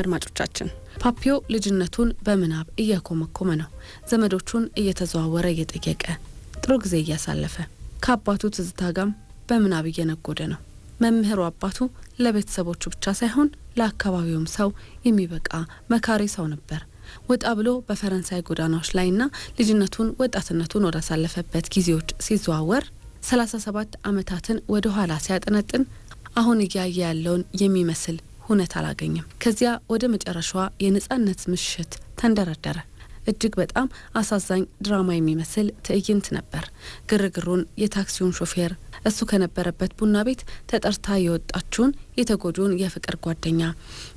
አድማጮቻችን ፓፒዮ ልጅነቱን በምናብ እያኮመኮመ ነው። ዘመዶቹን እየተዘዋወረ እየጠየቀ ጥሩ ጊዜ እያሳለፈ ከአባቱ ትዝታ ጋም በምናብ እየነጎደ ነው። መምህሩ አባቱ ለቤተሰቦቹ ብቻ ሳይሆን ለአካባቢውም ሰው የሚበቃ መካሪ ሰው ነበር። ወጣ ብሎ በፈረንሳይ ጎዳናዎች ላይና ልጅነቱን ወጣትነቱን ወዳሳለፈበት ጊዜዎች ሲዘዋወር ሰላሳ ሰባት ዓመታትን ወደ ኋላ ሲያጠነጥን አሁን እያየ ያለውን የሚመስል ሁነት አላገኘም። ከዚያ ወደ መጨረሻዋ የነጻነት ምሽት ተንደረደረ። እጅግ በጣም አሳዛኝ ድራማ የሚመስል ትዕይንት ነበር። ግርግሩን፣ የታክሲውን ሾፌር፣ እሱ ከነበረበት ቡና ቤት ተጠርታ የወጣችውን የተጎጂውን የፍቅር ጓደኛ፣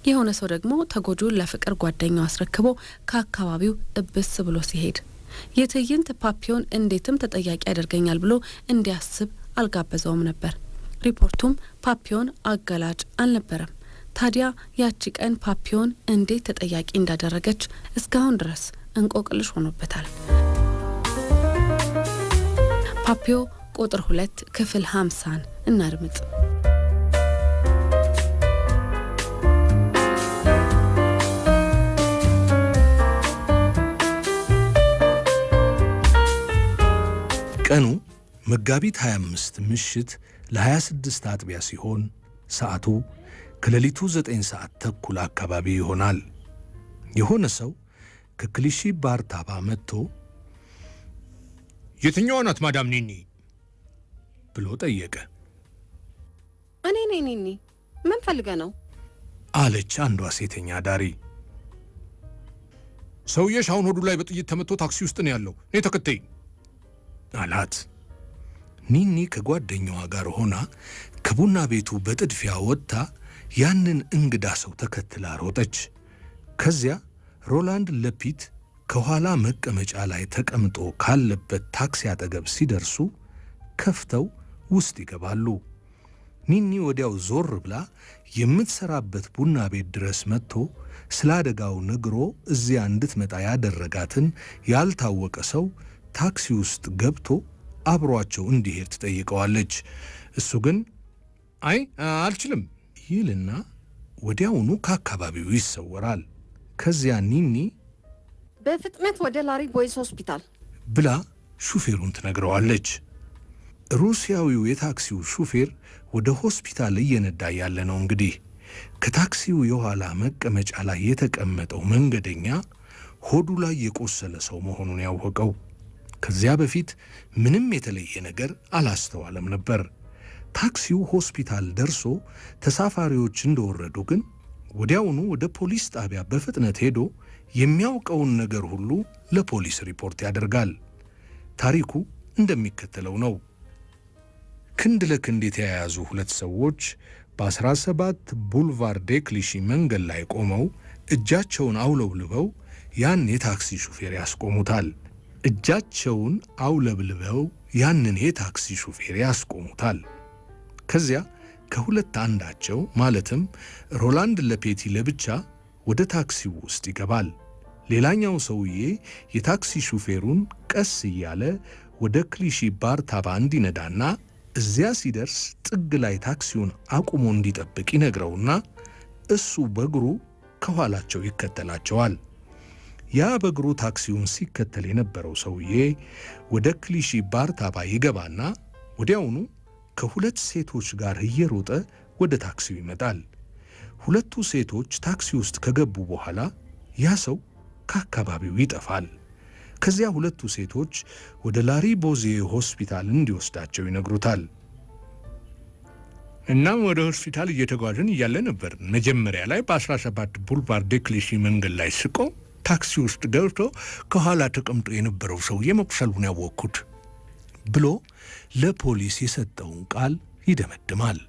የሆነ ሰው ደግሞ ተጎጂውን ለፍቅር ጓደኛው አስረክቦ ከአካባቢው እብስ ብሎ ሲሄድ የትዕይንት ፓፒዮን እንዴትም ተጠያቂ ያደርገኛል ብሎ እንዲያስብ አልጋበዘውም ነበር። ሪፖርቱም ፓፒዮን አገላጭ አልነበረም። ታዲያ ያቺ ቀን ፓፒዮን እንዴት ተጠያቂ እንዳደረገች እስካሁን ድረስ እንቆቅልሽ ሆኖበታል። ፓፒዮ ቁጥር ሁለት ክፍል ሀምሳን እናድምጥ። ቀኑ መጋቢት 25 ምሽት ለ26 አጥቢያ ሲሆን ሰዓቱ ከሌሊቱ ዘጠኝ ሰዓት ተኩል አካባቢ ይሆናል። የሆነ ሰው ከክሊሺ ባርታባ መጥቶ የትኛዋ ናት ማዳም ኒኒ ብሎ ጠየቀ። እኔ ነኝ ኒኒ፣ ምን ፈልገ ነው አለች አንዷ ሴተኛ ዳሪ። ሰውየሽ አሁን ሆዱ ላይ በጥይት ተመቶ ታክሲ ውስጥ ነው ያለው፣ እኔ ተከተይ አላት። ኒኒ ከጓደኛዋ ጋር ሆና ከቡና ቤቱ በጥድፊያ ወጥታ ያንን እንግዳ ሰው ተከትላ ሮጠች። ከዚያ ሮላንድ ለፒት ከኋላ መቀመጫ ላይ ተቀምጦ ካለበት ታክሲ አጠገብ ሲደርሱ ከፍተው ውስጥ ይገባሉ። ኒኒ ወዲያው ዞር ብላ የምትሰራበት ቡና ቤት ድረስ መጥቶ ስለ አደጋው ነግሮ እዚያ እንድትመጣ ያደረጋትን ያልታወቀ ሰው ታክሲ ውስጥ ገብቶ አብሯቸው እንዲሄድ ትጠይቀዋለች። እሱ ግን አይ አልችልም ይልና ወዲያውኑ ከአካባቢው ይሰወራል። ከዚያ ኒኒ በፍጥነት ወደ ላሪ ቦይስ ሆስፒታል ብላ ሹፌሩን ትነግረዋለች። ሩሲያዊው የታክሲው ሹፌር ወደ ሆስፒታል እየነዳ ያለ ነው። እንግዲህ ከታክሲው የኋላ መቀመጫ ላይ የተቀመጠው መንገደኛ ሆዱ ላይ የቆሰለ ሰው መሆኑን ያወቀው ከዚያ በፊት ምንም የተለየ ነገር አላስተዋለም ነበር። ታክሲው ሆስፒታል ደርሶ ተሳፋሪዎች እንደወረዱ ግን ወዲያውኑ ወደ ፖሊስ ጣቢያ በፍጥነት ሄዶ የሚያውቀውን ነገር ሁሉ ለፖሊስ ሪፖርት ያደርጋል። ታሪኩ እንደሚከተለው ነው። ክንድ ለክንድ የተያያዙ ሁለት ሰዎች በ17 ቡልቫር ዴክሊሺ መንገድ ላይ ቆመው እጃቸውን አውለብልበው ያን የታክሲ ሹፌር ያስቆሙታል። እጃቸውን አውለብልበው ያንን የታክሲ ሹፌር ያስቆሙታል። ከዚያ ከሁለት አንዳቸው ማለትም ሮላንድ ለፔቲ ለብቻ ወደ ታክሲው ውስጥ ይገባል። ሌላኛው ሰውዬ የታክሲ ሹፌሩን ቀስ እያለ ወደ ክሊሺ ባር ታባ እንዲነዳና እዚያ ሲደርስ ጥግ ላይ ታክሲውን አቁሞ እንዲጠብቅ ይነግረውና እሱ በእግሩ ከኋላቸው ይከተላቸዋል። ያ በእግሩ ታክሲውን ሲከተል የነበረው ሰውዬ ወደ ክሊሺ ባር ታባ ይገባና ወዲያውኑ ከሁለት ሴቶች ጋር እየሮጠ ወደ ታክሲው ይመጣል። ሁለቱ ሴቶች ታክሲ ውስጥ ከገቡ በኋላ ያ ሰው ከአካባቢው ይጠፋል። ከዚያ ሁለቱ ሴቶች ወደ ላሪ ቦዜ ሆስፒታል እንዲወስዳቸው ይነግሩታል። እናም ወደ ሆስፒታል እየተጓዝን እያለ ነበር መጀመሪያ ላይ በ17 ቡልቫር ዴክሌሲ መንገድ ላይ ስቆ ታክሲ ውስጥ ገብቶ ከኋላ ተቀምጦ የነበረው ሰውዬ መቁሰሉን ያወቅኩት ብሎ ለፖሊስ የሰጠውን ቃል ይደመድማል።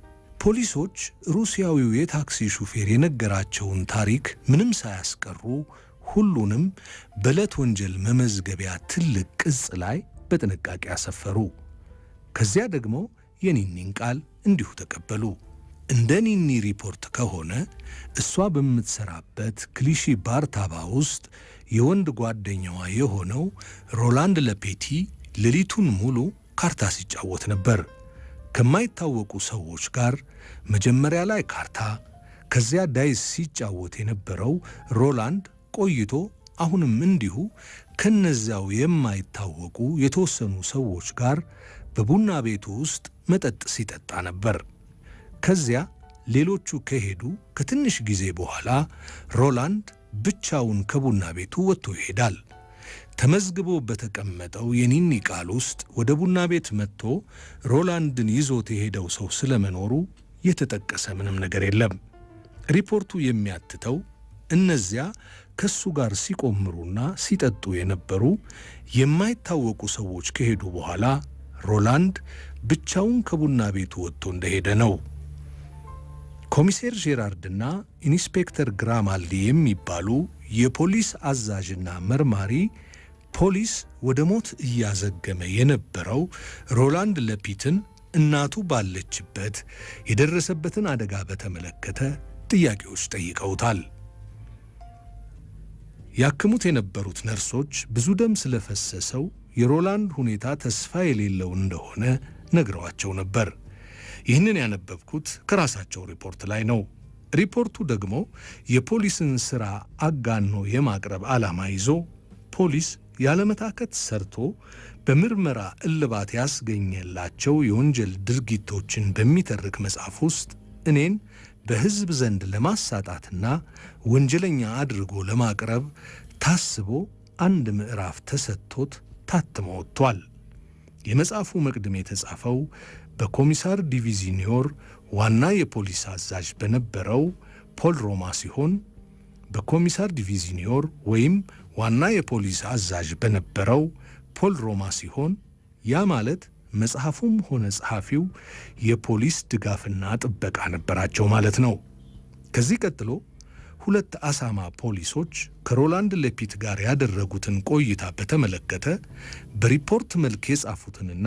ፖሊሶች ሩሲያዊው የታክሲ ሹፌር የነገራቸውን ታሪክ ምንም ሳያስቀሩ ሁሉንም በዕለት ወንጀል መመዝገቢያ ትልቅ ቅጽ ላይ በጥንቃቄ አሰፈሩ። ከዚያ ደግሞ የኒኒን ቃል እንዲሁ ተቀበሉ። እንደ ኒኒ ሪፖርት ከሆነ እሷ በምትሰራበት ክሊሺ ባርታባ ውስጥ የወንድ ጓደኛዋ የሆነው ሮላንድ ለፔቲ ሌሊቱን ሙሉ ካርታ ሲጫወት ነበር። ከማይታወቁ ሰዎች ጋር መጀመሪያ ላይ ካርታ፣ ከዚያ ዳይስ ሲጫወት የነበረው ሮላንድ ቆይቶ አሁንም እንዲሁ ከነዚያው የማይታወቁ የተወሰኑ ሰዎች ጋር በቡና ቤቱ ውስጥ መጠጥ ሲጠጣ ነበር። ከዚያ ሌሎቹ ከሄዱ ከትንሽ ጊዜ በኋላ ሮላንድ ብቻውን ከቡና ቤቱ ወጥቶ ይሄዳል። ተመዝግቦ በተቀመጠው የኒኒ ቃል ውስጥ ወደ ቡና ቤት መጥቶ ሮላንድን ይዞት የሄደው ሰው ስለመኖሩ የተጠቀሰ ምንም ነገር የለም። ሪፖርቱ የሚያትተው እነዚያ ከሱ ጋር ሲቆምሩና ሲጠጡ የነበሩ የማይታወቁ ሰዎች ከሄዱ በኋላ ሮላንድ ብቻውን ከቡና ቤቱ ወጥቶ እንደሄደ ነው። ኮሚሴር ጄራርድና ኢንስፔክተር ግራማልዲ የሚባሉ የፖሊስ አዛዥና መርማሪ ፖሊስ ወደ ሞት እያዘገመ የነበረው ሮላንድ ለፒትን እናቱ ባለችበት የደረሰበትን አደጋ በተመለከተ ጥያቄዎች ጠይቀውታል። ያክሙት የነበሩት ነርሶች ብዙ ደም ስለፈሰሰው የሮላንድ ሁኔታ ተስፋ የሌለው እንደሆነ ነግረዋቸው ነበር። ይህንን ያነበብኩት ከራሳቸው ሪፖርት ላይ ነው። ሪፖርቱ ደግሞ የፖሊስን ሥራ አጋኖ የማቅረብ ዓላማ ይዞ ፖሊስ ያለመታከት ሰርቶ በምርመራ እልባት ያስገኘላቸው የወንጀል ድርጊቶችን በሚተርክ መጽሐፍ ውስጥ እኔን በሕዝብ ዘንድ ለማሳጣትና ወንጀለኛ አድርጎ ለማቅረብ ታስቦ አንድ ምዕራፍ ተሰጥቶት ታትሞ ወጥቷል። የመጽሐፉ መቅድም የተጻፈው በኮሚሳር ዲቪዚኒዮር ዋና የፖሊስ አዛዥ በነበረው ፖል ሮማ ሲሆን በኮሚሳር ዲቪዚኒዮር ወይም ዋና የፖሊስ አዛዥ በነበረው ፖል ሮማ ሲሆን ያ ማለት መጽሐፉም ሆነ ጸሐፊው የፖሊስ ድጋፍና ጥበቃ ነበራቸው ማለት ነው። ከዚህ ቀጥሎ ሁለት አሳማ ፖሊሶች ከሮላንድ ለፒት ጋር ያደረጉትን ቆይታ በተመለከተ በሪፖርት መልክ የጻፉትንና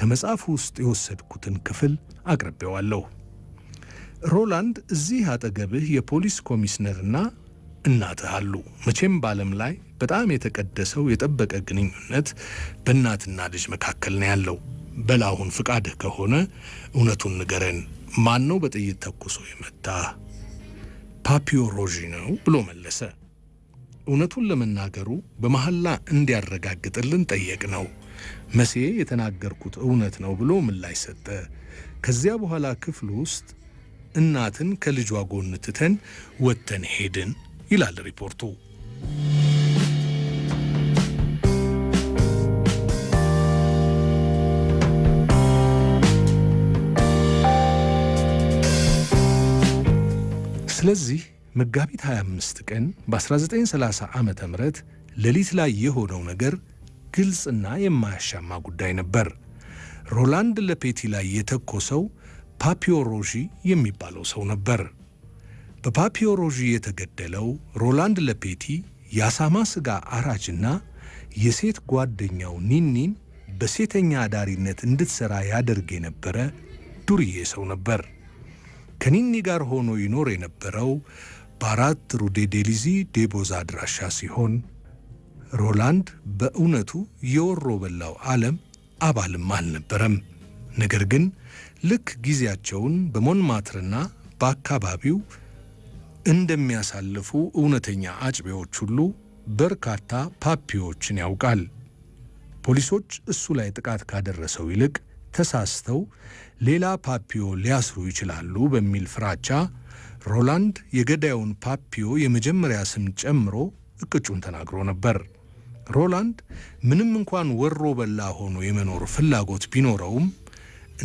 ከመጽሐፉ ውስጥ የወሰድኩትን ክፍል አቅርቤዋለሁ። ሮላንድ እዚህ አጠገብህ የፖሊስ ኮሚሽነርና እናትህ አሉ። መቼም በዓለም ላይ በጣም የተቀደሰው የጠበቀ ግንኙነት በእናትና ልጅ መካከል ነው ያለው። በላሁን ፍቃድህ ከሆነ እውነቱን ንገረን። ማን ነው በጥይት ተኩሶ የመታ? ፓፒዮ ሮዢ ነው ብሎ መለሰ። እውነቱን ለመናገሩ በመሐላ እንዲያረጋግጥልን ጠየቅ ነው። መሴ የተናገርኩት እውነት ነው ብሎ ምላሽ ሰጠ። ከዚያ በኋላ ክፍል ውስጥ እናትን ከልጇ ጎን ትተን ወጥተን ሄድን። ይላል ሪፖርቱ። ስለዚህ መጋቢት 25 ቀን በ1930 ዓ ም ሌሊት ላይ የሆነው ነገር ግልጽና የማያሻማ ጉዳይ ነበር። ሮላንድ ለፔቲ ላይ የተኮሰው ፓፒዮ ሮዢ የሚባለው ሰው ነበር። በፓፒዮሮዥ የተገደለው ሮላንድ ለፔቲ የአሳማ ሥጋ አራጅና የሴት ጓደኛው ኒኒን በሴተኛ አዳሪነት እንድትሠራ ያደርግ የነበረ ዱርዬ ሰው ነበር። ከኒኒ ጋር ሆኖ ይኖር የነበረው በአራት ሩዴ ዴሊዚ ዴቦዛ አድራሻ ሲሆን ሮላንድ በእውነቱ የወሮ በላው ዓለም አባልም አልነበረም። ነገር ግን ልክ ጊዜያቸውን በሞንማትርና በአካባቢው እንደሚያሳልፉ እውነተኛ አጭቤዎች ሁሉ በርካታ ፓፒዎችን ያውቃል። ፖሊሶች እሱ ላይ ጥቃት ካደረሰው ይልቅ ተሳስተው ሌላ ፓፒዮ ሊያስሩ ይችላሉ በሚል ፍራቻ ሮላንድ የገዳዩን ፓፒዮ የመጀመሪያ ስም ጨምሮ እቅጩን ተናግሮ ነበር። ሮላንድ ምንም እንኳን ወሮ በላ ሆኖ የመኖር ፍላጎት ቢኖረውም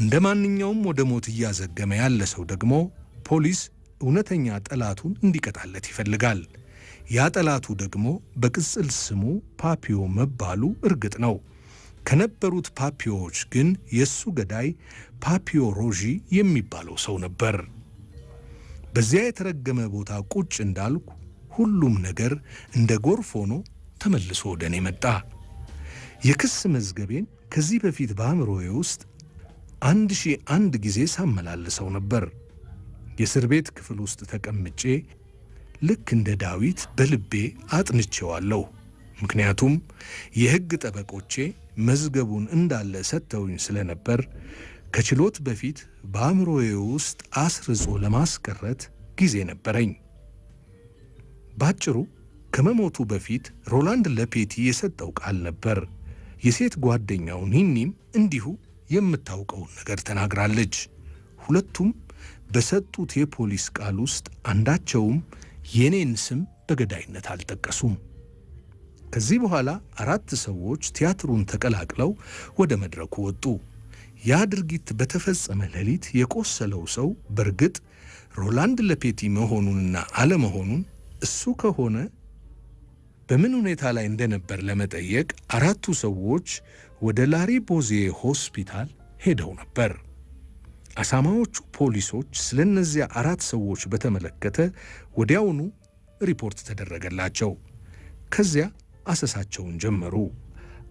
እንደ ማንኛውም ወደ ሞት እያዘገመ ያለ ሰው ደግሞ ፖሊስ እውነተኛ ጠላቱን እንዲቀጣለት ይፈልጋል። ያ ጠላቱ ደግሞ በቅጽል ስሙ ፓፒዮ መባሉ እርግጥ ነው። ከነበሩት ፓፒዮዎች ግን የእሱ ገዳይ ፓፒዮ ሮዢ የሚባለው ሰው ነበር። በዚያ የተረገመ ቦታ ቁጭ እንዳልኩ ሁሉም ነገር እንደ ጎርፍ ሆኖ ተመልሶ ወደ እኔ መጣ። የክስ መዝገቤን ከዚህ በፊት በአእምሮዬ ውስጥ አንድ ሺህ አንድ ጊዜ ሳመላልሰው ነበር። የእስር ቤት ክፍል ውስጥ ተቀምጬ ልክ እንደ ዳዊት በልቤ አጥንቼዋለሁ። ምክንያቱም የሕግ ጠበቆቼ መዝገቡን እንዳለ ሰጥተውኝ ስለነበር ከችሎት በፊት በአእምሮዬ ውስጥ አስርጾ ለማስቀረት ጊዜ ነበረኝ። ባጭሩ ከመሞቱ በፊት ሮላንድ ለፔቲ የሰጠው ቃል ነበር። የሴት ጓደኛው ኒኒም እንዲሁ የምታውቀውን ነገር ተናግራለች። ሁለቱም በሰጡት የፖሊስ ቃል ውስጥ አንዳቸውም የኔን ስም በገዳይነት አልጠቀሱም። ከዚህ በኋላ አራት ሰዎች ቲያትሩን ተቀላቅለው ወደ መድረኩ ወጡ። ያ ድርጊት በተፈጸመ ሌሊት የቆሰለው ሰው በእርግጥ ሮላንድ ለፔቲ መሆኑንና አለመሆኑን እሱ ከሆነ በምን ሁኔታ ላይ እንደነበር ለመጠየቅ አራቱ ሰዎች ወደ ላሪ ቦዜ ሆስፒታል ሄደው ነበር። አሳማዎቹ ፖሊሶች ስለነዚያ አራት ሰዎች በተመለከተ ወዲያውኑ ሪፖርት ተደረገላቸው። ከዚያ አሰሳቸውን ጀመሩ።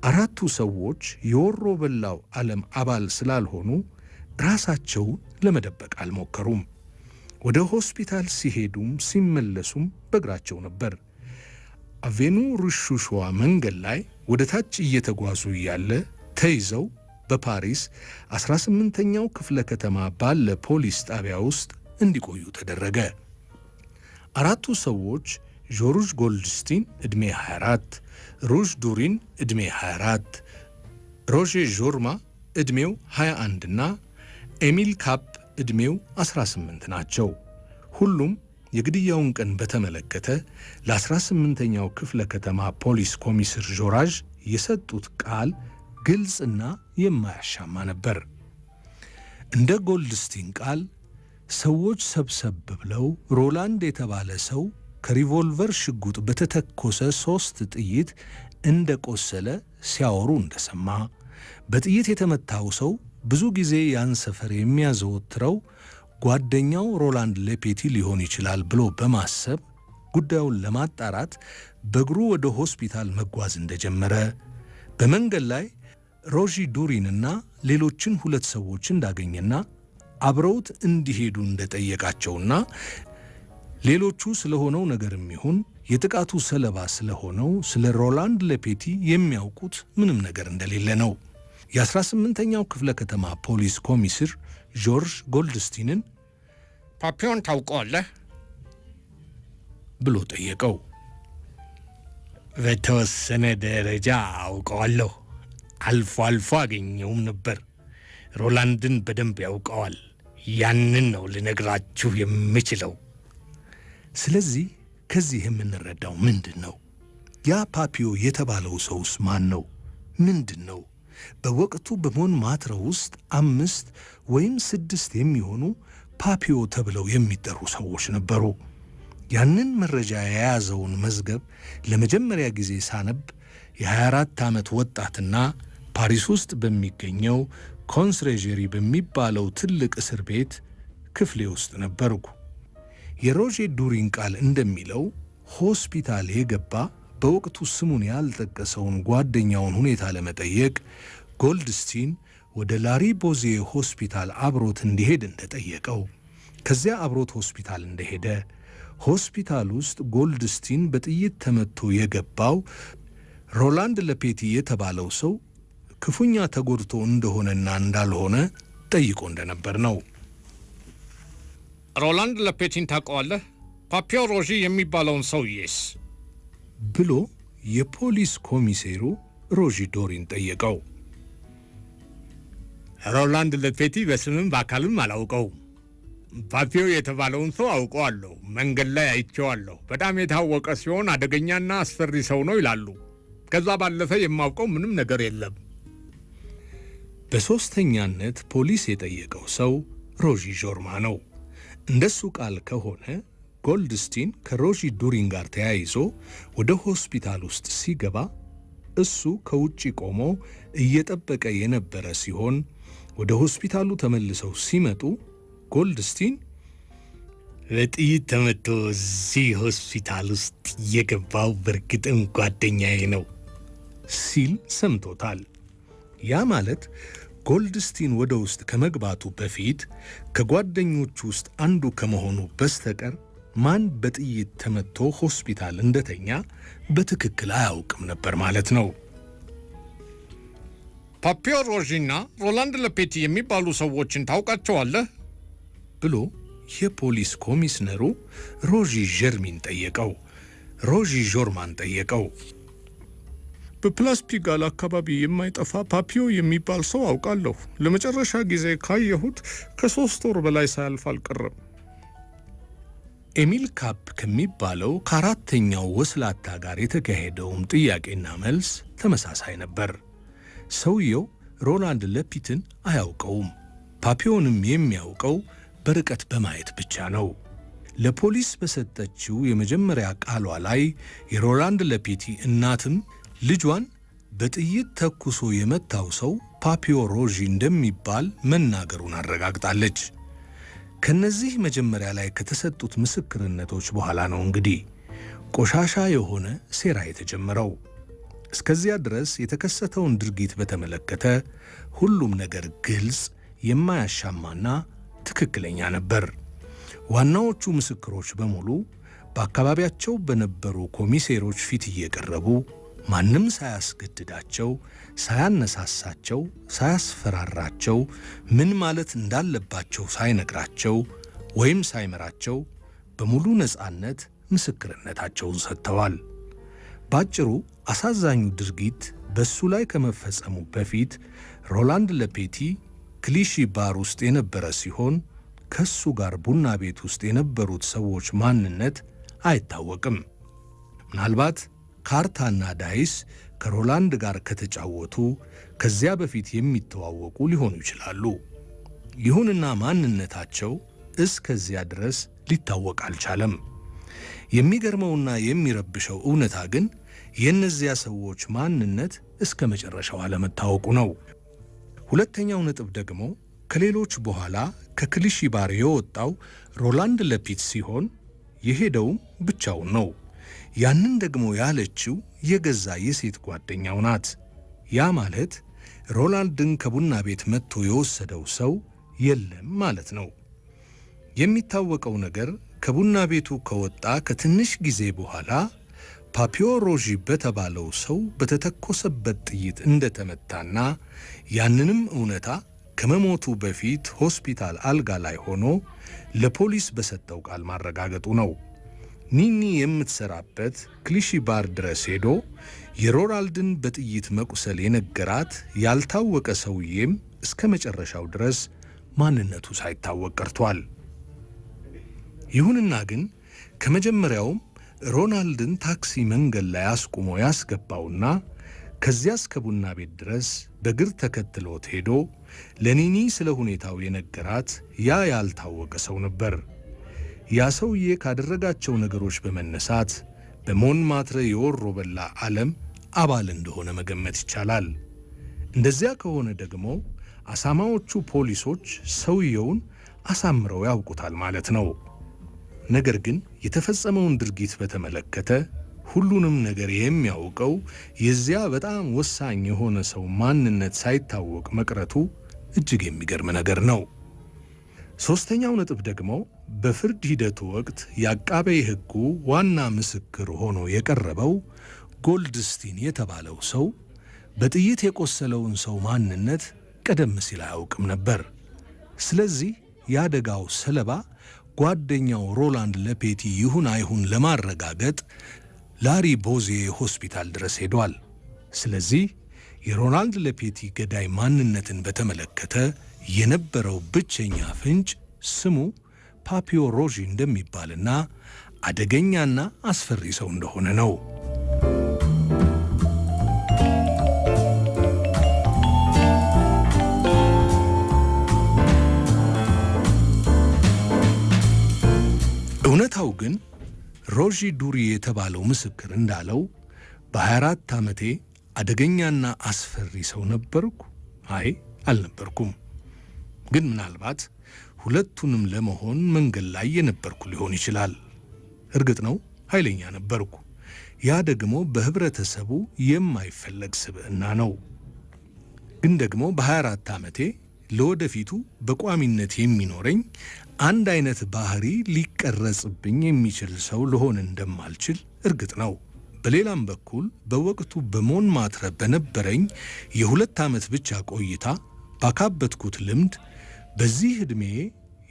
አራቱ ሰዎች የወሮ በላው ዓለም አባል ስላልሆኑ ራሳቸውን ለመደበቅ አልሞከሩም። ወደ ሆስፒታል ሲሄዱም ሲመለሱም በእግራቸው ነበር። አቬኑ ሩሹሿ መንገድ ላይ ወደ ታች እየተጓዙ እያለ ተይዘው በፓሪስ 18ኛው ክፍለ ከተማ ባለ ፖሊስ ጣቢያ ውስጥ እንዲቆዩ ተደረገ። አራቱ ሰዎች ጆርጅ ጎልድስቲን ዕድሜ 24፣ ሩዥ ዱሪን ዕድሜ 24፣ ሮዤ ዦርማ ዕድሜው 21 እና ኤሚል ካፕ ዕድሜው 18 ናቸው። ሁሉም የግድያውን ቀን በተመለከተ ለ18ኛው ክፍለ ከተማ ፖሊስ ኮሚስር ዦራዥ የሰጡት ቃል ግልጽና የማያሻማ ነበር። እንደ ጎልድስቲን ቃል ሰዎች ሰብሰብ ብለው ሮላንድ የተባለ ሰው ከሪቮልቨር ሽጉጥ በተተኮሰ ሦስት ጥይት እንደ ቆሰለ ሲያወሩ እንደሰማ፣ በጥይት የተመታው ሰው ብዙ ጊዜ ያን ሰፈር የሚያዘወትረው ጓደኛው ሮላንድ ሌፔቲ ሊሆን ይችላል ብሎ በማሰብ ጉዳዩን ለማጣራት በእግሩ ወደ ሆስፒታል መጓዝ እንደጀመረ በመንገድ ላይ ሮዢ ዱሪንና ሌሎችን ሁለት ሰዎች እንዳገኘና አብረውት እንዲሄዱ እንደጠየቃቸውና ሌሎቹ ስለሆነው ነገርም ይሁን የጥቃቱ ሰለባ ስለሆነው ስለ ሮላንድ ለፔቲ የሚያውቁት ምንም ነገር እንደሌለ ነው። የ18ኛው ክፍለ ከተማ ፖሊስ ኮሚስር ጆርጅ ጎልድስቲንን ፓፒዮን ታውቀዋለህ? ብሎ ጠየቀው። በተወሰነ ደረጃ አውቀዋለሁ አልፎ አልፎ አገኘውም ነበር። ሮላንድን በደንብ ያውቀዋል። ያንን ነው ልነግራችሁ የምችለው። ስለዚህ ከዚህ የምንረዳው ምንድን ነው? ያ ፓፒዮ የተባለው ሰውስ ማን ነው? ምንድን ነው? በወቅቱ በሞን ማትረ ውስጥ አምስት ወይም ስድስት የሚሆኑ ፓፒዮ ተብለው የሚጠሩ ሰዎች ነበሩ። ያንን መረጃ የያዘውን መዝገብ ለመጀመሪያ ጊዜ ሳነብ የ24 ዓመት ወጣትና ፓሪስ ውስጥ በሚገኘው ኮንስሬጀሪ በሚባለው ትልቅ እስር ቤት ክፍሌ ውስጥ ነበርኩ። የሮዤ ዱሪን ቃል እንደሚለው ሆስፒታል የገባ በወቅቱ ስሙን ያልጠቀሰውን ጓደኛውን ሁኔታ ለመጠየቅ ጎልድስቲን ወደ ላሪ ቦዜ ሆስፒታል አብሮት እንዲሄድ እንደጠየቀው፣ ከዚያ አብሮት ሆስፒታል እንደሄደ፣ ሆስፒታል ውስጥ ጎልድስቲን በጥይት ተመቶ የገባው ሮላንድ ለፔቲ የተባለው ሰው ክፉኛ ተጎድቶ እንደሆነና እንዳልሆነ ጠይቆ እንደነበር ነው። ሮላንድ ለፔቲን ታውቀዋለህ? ፓፒዮ ሮዢ የሚባለውን ሰውዬስ? ብሎ የፖሊስ ኮሚሴሩ ሮዢ ዶሪን ጠየቀው። ሮላንድ ለፔቲ በስምም በአካልም አላውቀው። ፓፒዮ የተባለውን ሰው አውቀዋለሁ። መንገድ ላይ አይቼዋለሁ። በጣም የታወቀ ሲሆን አደገኛና አስፈሪ ሰው ነው ይላሉ። ከዛ ባለፈ የማውቀው ምንም ነገር የለም። በሦስተኛነት ፖሊስ የጠየቀው ሰው ሮዢ ዦርማ ነው። እንደሱ ቃል ከሆነ ጎልድስቲን ከሮዢ ዱሪን ጋር ተያይዞ ወደ ሆስፒታል ውስጥ ሲገባ እሱ ከውጭ ቆሞ እየጠበቀ የነበረ ሲሆን ወደ ሆስፒታሉ ተመልሰው ሲመጡ ጎልድስቲን በጥይት ተመቶ እዚህ ሆስፒታል ውስጥ የገባው በእርግጥም ጓደኛዬ ነው ሲል ሰምቶታል። ያ ማለት ጎልድስቲን ወደ ውስጥ ከመግባቱ በፊት ከጓደኞቹ ውስጥ አንዱ ከመሆኑ በስተቀር ማን በጥይት ተመትቶ ሆስፒታል እንደተኛ በትክክል አያውቅም ነበር ማለት ነው። ፓፒዮ ሮዢና ሮላንድ ለፔቲ የሚባሉ ሰዎችን ታውቃቸዋለህ? ብሎ የፖሊስ ኮሚሽነሩ ሮዢ ጀርሚን ጠየቀው። ሮዢ ዦርማን ጠየቀው። በፕላስፒጋል አካባቢ የማይጠፋ ፓፒዮ የሚባል ሰው አውቃለሁ። ለመጨረሻ ጊዜ ካየሁት ከሶስት ወር በላይ ሳያልፍ አልቀረም። ኤሚል ካፕ ከሚባለው ከአራተኛው ወስላታ ጋር የተካሄደውም ጥያቄና መልስ ተመሳሳይ ነበር። ሰውየው ሮላንድ ለፒትን አያውቀውም። ፓፒዮንም የሚያውቀው በርቀት በማየት ብቻ ነው። ለፖሊስ በሰጠችው የመጀመሪያ ቃሏ ላይ የሮላንድ ለፒቲ እናትም ልጇን በጥይት ተኩሶ የመታው ሰው ፓፒዮ ሮዢ እንደሚባል መናገሩን አረጋግጣለች። ከነዚህ መጀመሪያ ላይ ከተሰጡት ምስክርነቶች በኋላ ነው እንግዲህ ቆሻሻ የሆነ ሴራ የተጀመረው። እስከዚያ ድረስ የተከሰተውን ድርጊት በተመለከተ ሁሉም ነገር ግልጽ፣ የማያሻማና ትክክለኛ ነበር። ዋናዎቹ ምስክሮች በሙሉ በአካባቢያቸው በነበሩ ኮሚሴሮች ፊት እየቀረቡ ማንም ሳያስገድዳቸው፣ ሳያነሳሳቸው፣ ሳያስፈራራቸው፣ ምን ማለት እንዳለባቸው ሳይነግራቸው ወይም ሳይመራቸው በሙሉ ነፃነት ምስክርነታቸውን ሰጥተዋል። ባጭሩ አሳዛኙ ድርጊት በእሱ ላይ ከመፈጸሙ በፊት ሮላንድ ለፔቲ ክሊሺ ባር ውስጥ የነበረ ሲሆን ከሱ ጋር ቡና ቤት ውስጥ የነበሩት ሰዎች ማንነት አይታወቅም። ምናልባት ካርታና ዳይስ ከሮላንድ ጋር ከተጫወቱ ከዚያ በፊት የሚተዋወቁ ሊሆኑ ይችላሉ። ይሁንና ማንነታቸው እስከዚያ ድረስ ሊታወቅ አልቻለም። የሚገርመውና የሚረብሸው እውነታ ግን የእነዚያ ሰዎች ማንነት እስከ መጨረሻው አለመታወቁ ነው። ሁለተኛው ነጥብ ደግሞ ከሌሎች በኋላ ከክሊሺ ባር የወጣው ሮላንድ ለፒት ሲሆን የሄደውም ብቻውን ነው። ያንን ደግሞ ያለችው የገዛ የሴት ጓደኛው ናት። ያ ማለት ሮናልድን ከቡና ቤት መጥቶ የወሰደው ሰው የለም ማለት ነው። የሚታወቀው ነገር ከቡና ቤቱ ከወጣ ከትንሽ ጊዜ በኋላ ፓፒዮ ሮዢ በተባለው ሰው በተተኮሰበት ጥይት እንደተመታና ያንንም እውነታ ከመሞቱ በፊት ሆስፒታል አልጋ ላይ ሆኖ ለፖሊስ በሰጠው ቃል ማረጋገጡ ነው። ኒኒ የምትሰራበት ክሊሺ ባር ድረስ ሄዶ የሮናልድን በጥይት መቁሰል የነገራት ያልታወቀ ሰውዬም እስከ መጨረሻው ድረስ ማንነቱ ሳይታወቅ ቀርቷል። ይሁንና ግን ከመጀመሪያውም ሮናልድን ታክሲ መንገድ ላይ አስቁሞ ያስገባውና ከዚያ እስከ ቡና ቤት ድረስ በእግር ተከትሎት ሄዶ ለኒኒ ስለ ሁኔታው የነገራት ያ ያልታወቀ ሰው ነበር። ያ ሰውዬ ካደረጋቸው ነገሮች በመነሳት በሞንማትረ የወሮ በላ ዓለም አባል እንደሆነ መገመት ይቻላል። እንደዚያ ከሆነ ደግሞ አሳማዎቹ ፖሊሶች ሰውየውን አሳምረው ያውቁታል ማለት ነው። ነገር ግን የተፈጸመውን ድርጊት በተመለከተ ሁሉንም ነገር የሚያውቀው የዚያ በጣም ወሳኝ የሆነ ሰው ማንነት ሳይታወቅ መቅረቱ እጅግ የሚገርም ነገር ነው። ሦስተኛው ነጥብ ደግሞ በፍርድ ሂደቱ ወቅት የአቃቤ ሕጉ ዋና ምስክር ሆኖ የቀረበው ጎልድስቲን የተባለው ሰው በጥይት የቆሰለውን ሰው ማንነት ቀደም ሲል አያውቅም ነበር። ስለዚህ የአደጋው ሰለባ ጓደኛው ሮላንድ ለፔቲ ይሁን አይሁን ለማረጋገጥ ላሪ ቦዜ ሆስፒታል ድረስ ሄዷል። ስለዚህ የሮናልድ ለፔቲ ገዳይ ማንነትን በተመለከተ የነበረው ብቸኛ ፍንጭ ስሙ ፓፒዮ ሮዢ እንደሚባልና አደገኛና አስፈሪ ሰው እንደሆነ ነው። እውነታው ግን ሮዢ ዱሪ የተባለው ምስክር እንዳለው በ24 ዓመቴ አደገኛና አስፈሪ ሰው ነበርኩ? አይ አልነበርኩም። ግን ምናልባት ሁለቱንም ለመሆን መንገድ ላይ የነበርኩ ሊሆን ይችላል። እርግጥ ነው ኃይለኛ ነበርኩ። ያ ደግሞ በህብረተሰቡ የማይፈለግ ስብዕና ነው። ግን ደግሞ በ24 ዓመቴ ለወደፊቱ በቋሚነት የሚኖረኝ አንድ አይነት ባህሪ ሊቀረጽብኝ የሚችል ሰው ልሆን እንደማልችል እርግጥ ነው። በሌላም በኩል በወቅቱ በሞን ማትረ በነበረኝ የሁለት ዓመት ብቻ ቆይታ ባካበትኩት ልምድ በዚህ ዕድሜ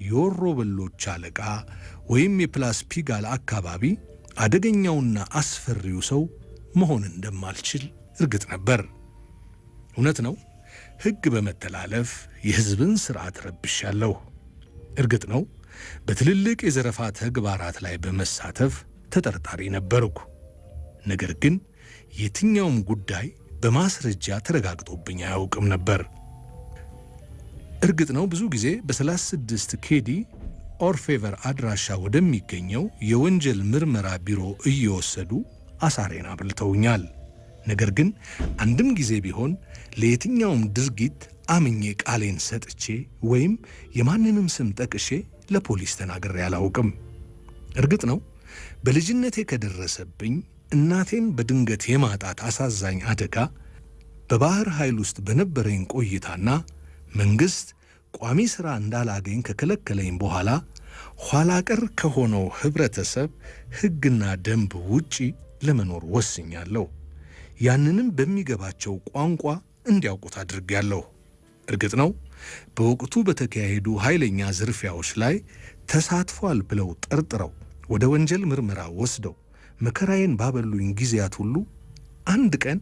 የወሮ በሎች አለቃ ወይም የፕላስ ፒጋል አካባቢ አደገኛውና አስፈሪው ሰው መሆን እንደማልችል እርግጥ ነበር። እውነት ነው፣ ሕግ በመተላለፍ የሕዝብን ሥርዓት ረብሻለሁ። እርግጥ ነው፣ በትልልቅ የዘረፋ ተግባራት ላይ በመሳተፍ ተጠርጣሪ ነበርኩ። ነገር ግን የትኛውም ጉዳይ በማስረጃ ተረጋግጦብኝ አያውቅም ነበር። እርግጥ ነው ብዙ ጊዜ በ36 ኬዲ ኦርፌቨር አድራሻ ወደሚገኘው የወንጀል ምርመራ ቢሮ እየወሰዱ አሳሬን አብልተውኛል። ነገር ግን አንድም ጊዜ ቢሆን ለየትኛውም ድርጊት አምኜ ቃሌን ሰጥቼ ወይም የማንንም ስም ጠቅሼ ለፖሊስ ተናግሬ አላውቅም። እርግጥ ነው በልጅነቴ ከደረሰብኝ እናቴን በድንገት የማጣት አሳዛኝ አደጋ በባህር ኃይል ውስጥ በነበረኝ ቆይታና መንግሥት ቋሚ ሥራ እንዳላገኝ ከከለከለኝ በኋላ ኋላ ቀር ከሆነው ኅብረተሰብ ሕግና ደንብ ውጪ ለመኖር ወስኛለሁ። ያንንም በሚገባቸው ቋንቋ እንዲያውቁት አድርጌያለሁ። እርግጥ ነው በወቅቱ በተካሄዱ ኃይለኛ ዝርፊያዎች ላይ ተሳትፏል ብለው ጠርጥረው ወደ ወንጀል ምርመራ ወስደው መከራዬን ባበሉኝ ጊዜያት ሁሉ አንድ ቀን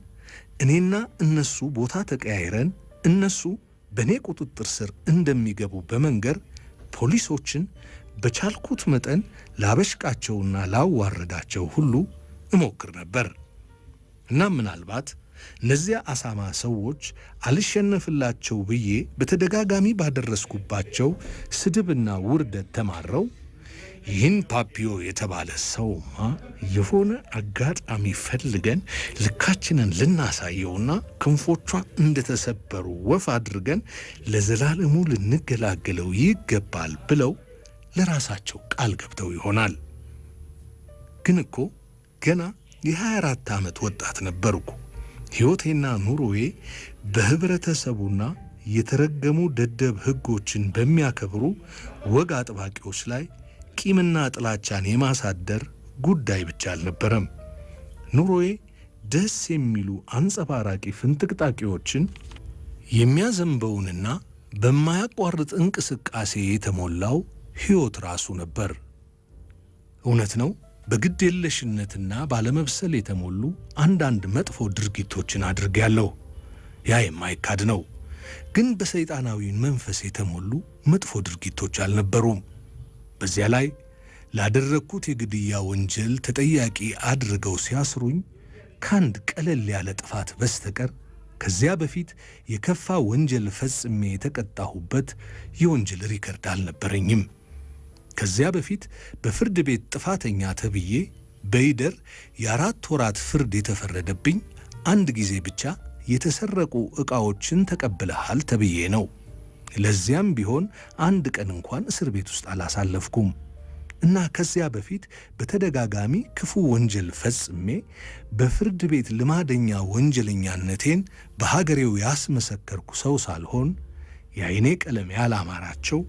እኔና እነሱ ቦታ ተቀያይረን እነሱ በእኔ ቁጥጥር ስር እንደሚገቡ በመንገር ፖሊሶችን በቻልኩት መጠን ላበሽቃቸውና ላዋረዳቸው ሁሉ እሞክር ነበር እና ምናልባት እነዚያ አሳማ ሰዎች አልሸነፍላቸው ብዬ በተደጋጋሚ ባደረስኩባቸው ስድብና ውርደት ተማረው ይህን ፓፒዮ የተባለ ሰውማ የሆነ አጋጣሚ ፈልገን ልካችንን ልናሳየውና ክንፎቿ እንደተሰበሩ ወፍ አድርገን ለዘላለሙ ልንገላገለው ይገባል ብለው ለራሳቸው ቃል ገብተው ይሆናል። ግን እኮ ገና የ24 ዓመት ወጣት ነበርኩ። ሕይወቴና ኑሮዬ በህብረተሰቡና የተረገሙ ደደብ ሕጎችን በሚያከብሩ ወግ አጥባቂዎች ላይ ቂምና ጥላቻን የማሳደር ጉዳይ ብቻ አልነበረም። ኑሮዬ ደስ የሚሉ አንጸባራቂ ፍንጥቅጣቂዎችን የሚያዘንበውንና በማያቋርጥ እንቅስቃሴ የተሞላው ሕይወት ራሱ ነበር። እውነት ነው፣ በግድ የለሽነትና ባለመብሰል የተሞሉ አንዳንድ መጥፎ ድርጊቶችን አድርጌያለሁ። ያ የማይካድ ነው። ግን በሰይጣናዊ መንፈስ የተሞሉ መጥፎ ድርጊቶች አልነበሩም። በዚያ ላይ ላደረግኩት የግድያ ወንጀል ተጠያቂ አድርገው ሲያስሩኝ ከአንድ ቀለል ያለ ጥፋት በስተቀር ከዚያ በፊት የከፋ ወንጀል ፈጽሜ የተቀጣሁበት የወንጀል ሪከርድ አልነበረኝም። ከዚያ በፊት በፍርድ ቤት ጥፋተኛ ተብዬ በይደር የአራት ወራት ፍርድ የተፈረደብኝ አንድ ጊዜ ብቻ የተሰረቁ ዕቃዎችን ተቀብለሃል ተብዬ ነው። ለዚያም ቢሆን አንድ ቀን እንኳን እስር ቤት ውስጥ አላሳለፍኩም እና ከዚያ በፊት በተደጋጋሚ ክፉ ወንጀል ፈጽሜ በፍርድ ቤት ልማደኛ ወንጀለኛነቴን በሀገሬው ያስመሰከርኩ ሰው ሳልሆን የአይኔ ቀለም ያላማራቸው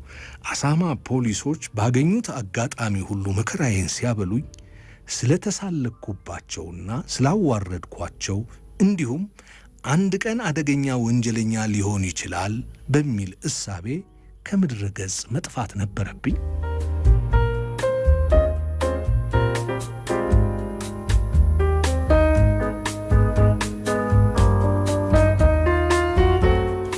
አሳማ ፖሊሶች ባገኙት አጋጣሚ ሁሉ መከራዬን ሲያበሉኝ ስለተሳለቅኩባቸውና ስላዋረድኳቸው እንዲሁም አንድ ቀን አደገኛ ወንጀለኛ ሊሆን ይችላል በሚል እሳቤ ከምድረ ገጽ መጥፋት ነበረብኝ።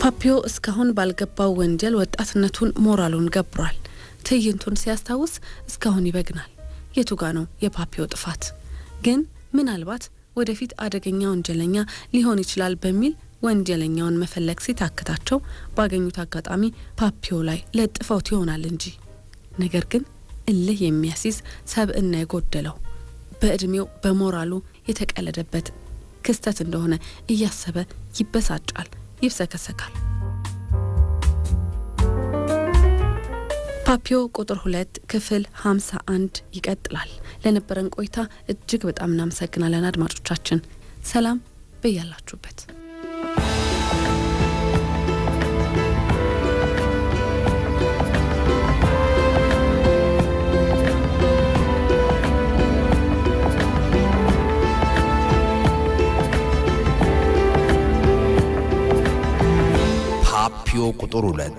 ፓፒዮ እስካሁን ባልገባው ወንጀል ወጣትነቱን ሞራሉን ገብሯል። ትዕይንቱን ሲያስታውስ እስካሁን ይበግናል። የቱ ጋ ነው የፓፒዮ ጥፋት ግን? ምናልባት ወደፊት አደገኛ ወንጀለኛ ሊሆን ይችላል በሚል ወንጀለኛውን መፈለግ ሲታክታቸው ባገኙት አጋጣሚ ፓፒዮ ላይ ለጥፈውት ይሆናል እንጂ ነገር ግን እልህ የሚያስይዝ ሰብዕና የጎደለው በእድሜው በሞራሉ የተቀለደበት ክስተት እንደሆነ እያሰበ ይበሳጫል፣ ይብሰከሰካል። ፓፒዮ ቁጥር ሁለት ክፍል ሀምሳ አንድ ይቀጥላል። ለነበረን ቆይታ እጅግ በጣም እናመሰግናለን አድማጮቻችን። ሰላም በያላችሁበት ፓፒዮ ቁጥር ሁለት